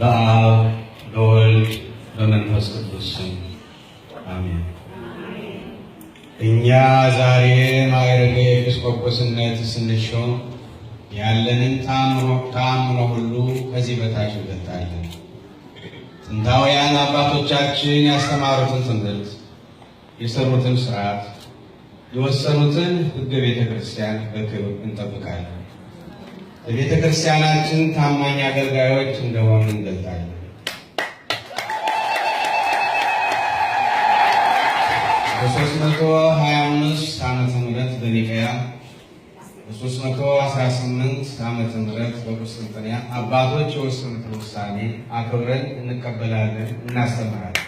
በአብ በወልድ በመንፈስ ቅዱስ ስም አሜን። እኛ ዛሬ ማዕረገ ኤጲስቆጶስነት ስንሾም ያለንን ተአምኖ ሁሉ ከዚህ በታች እንገልጣለን። ጥንታውያን አባቶቻችን ያስተማሩትን ትምህርት፣ የሰሩትን ስርዓት፣ የወሰኑትን ሕገ ቤተ ክርስቲያን በክብር እንጠብቃለን። ለቤተ ክርስቲያናችን ታማኝ አገልጋዮች እንደሆኑ እንገልጣለን። በሶስት መቶ ሀያ አምስት ዓመተ ምህረት በኒቀያ በሶስት መቶ አስራ ስምንት ዓመተ ምህረት በቁስጥንጥንያ አባቶች የወሰኑትን ውሳኔ አክብረን እንቀበላለን፣ እናስተምራለን።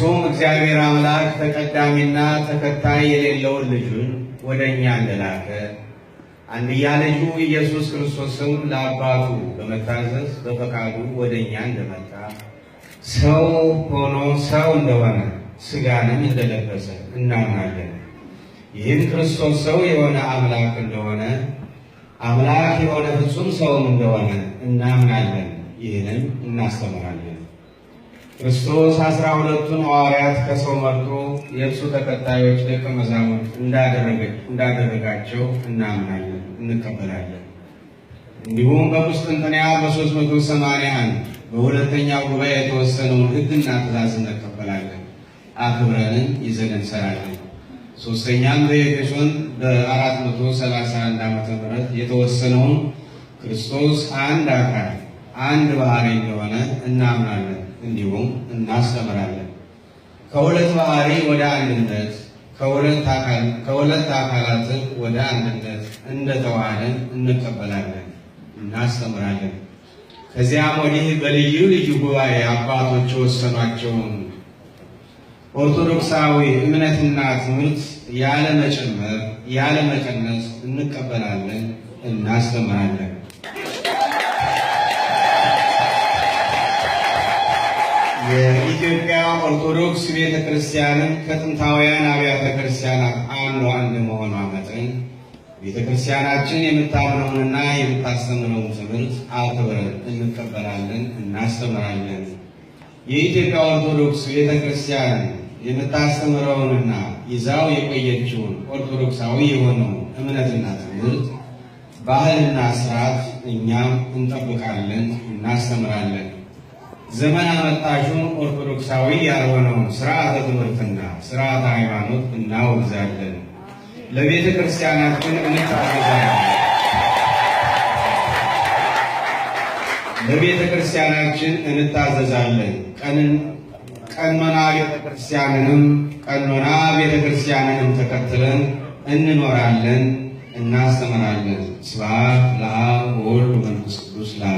እርሱም እግዚአብሔር አምላክ ተቀዳሚና ተከታይ የሌለውን ልጁን ወደ እኛ እንደላከ አንድያ ልጁ ኢየሱስ ክርስቶስም ለአባቱ በመታዘዝ በፈቃዱ ወደ እኛ እንደመጣ ሰው ሆኖ ሰው እንደሆነ ሥጋንም እንደለበሰ እናምናለን። ይህም ክርስቶስ ሰው የሆነ አምላክ እንደሆነ አምላክ የሆነ ፍጹም ሰውም እንደሆነ እናምናለን። ይህንም እናስተምራለን። ክርስቶስ አስራ ሁለቱን ሐዋርያት ከሰው መርጦ የእርሱ ተከታዮች ደቀ መዛሙርት እንዳደረጋቸው እናምናለን እንቀበላለን። እንዲሁም በቁስጥንጥንያ በሦስት መቶ ሰማንያ አንድ በሁለተኛው ጉባኤ የተወሰነውን ሕግና ትእዛዝ እንቀበላለን፣ አክብረንን ይዘን እንሰራለን። ሶስተኛም በኤፌሶን በአራት መቶ ሰላሳ አንድ ዓመተ ምሕረት የተወሰነውን ክርስቶስ አንድ አካል አንድ ባህሪ እንደሆነ እናምናለን እንዲሁም እናስተምራለን። ከሁለት ባህሪ ወደ አንድነት ከሁለት አካላትን ወደ አንድነት እንደተዋህደን እንቀበላለን፣ እናስተምራለን። ከዚያም ወዲህ በልዩ ልዩ ጉባኤ አባቶች የወሰኗቸውን ኦርቶዶክሳዊ እምነትና ትምህርት ያለ መጨመር ያለ መቀነስ እንቀበላለን፣ እናስተምራለን። የኢትዮጵያ ኦርቶዶክስ ቤተ ክርስቲያንም ከጥንታውያን አብያተ ክርስቲያናት አንዱ አንድ መሆኗ መጠን ቤተ ክርስቲያናችን የምታምነውንና የምታስተምረውን ትምህርት አክብረን እንቀበላለን፣ እናስተምራለን። የኢትዮጵያ ኦርቶዶክስ ቤተ ክርስቲያን የምታስተምረውንና ይዛው የቆየችውን ኦርቶዶክሳዊ የሆነው እምነትና ትምህርት ባህልና ስርዓት እኛም እንጠብቃለን፣ እናስተምራለን። ዘመን አመጣሹን ኦርቶዶክሳዊ ያልሆነውን ስርዓተ ትምህርትና ስርዓተ ሃይማኖት እናወግዛለን። ለቤተ ክርስቲያናችን እንታገዛለን። ለቤተ ክርስቲያናችን እንታዘዛለን። ቀኖና ቤተ ክርስቲያንንም ቀኖና ቤተ ክርስቲያንንም ተከትለን እንኖራለን፣ እናስተምራለን። ስብሐት ለአብ ወወልድ ወመንፈስ ቅዱስ ላ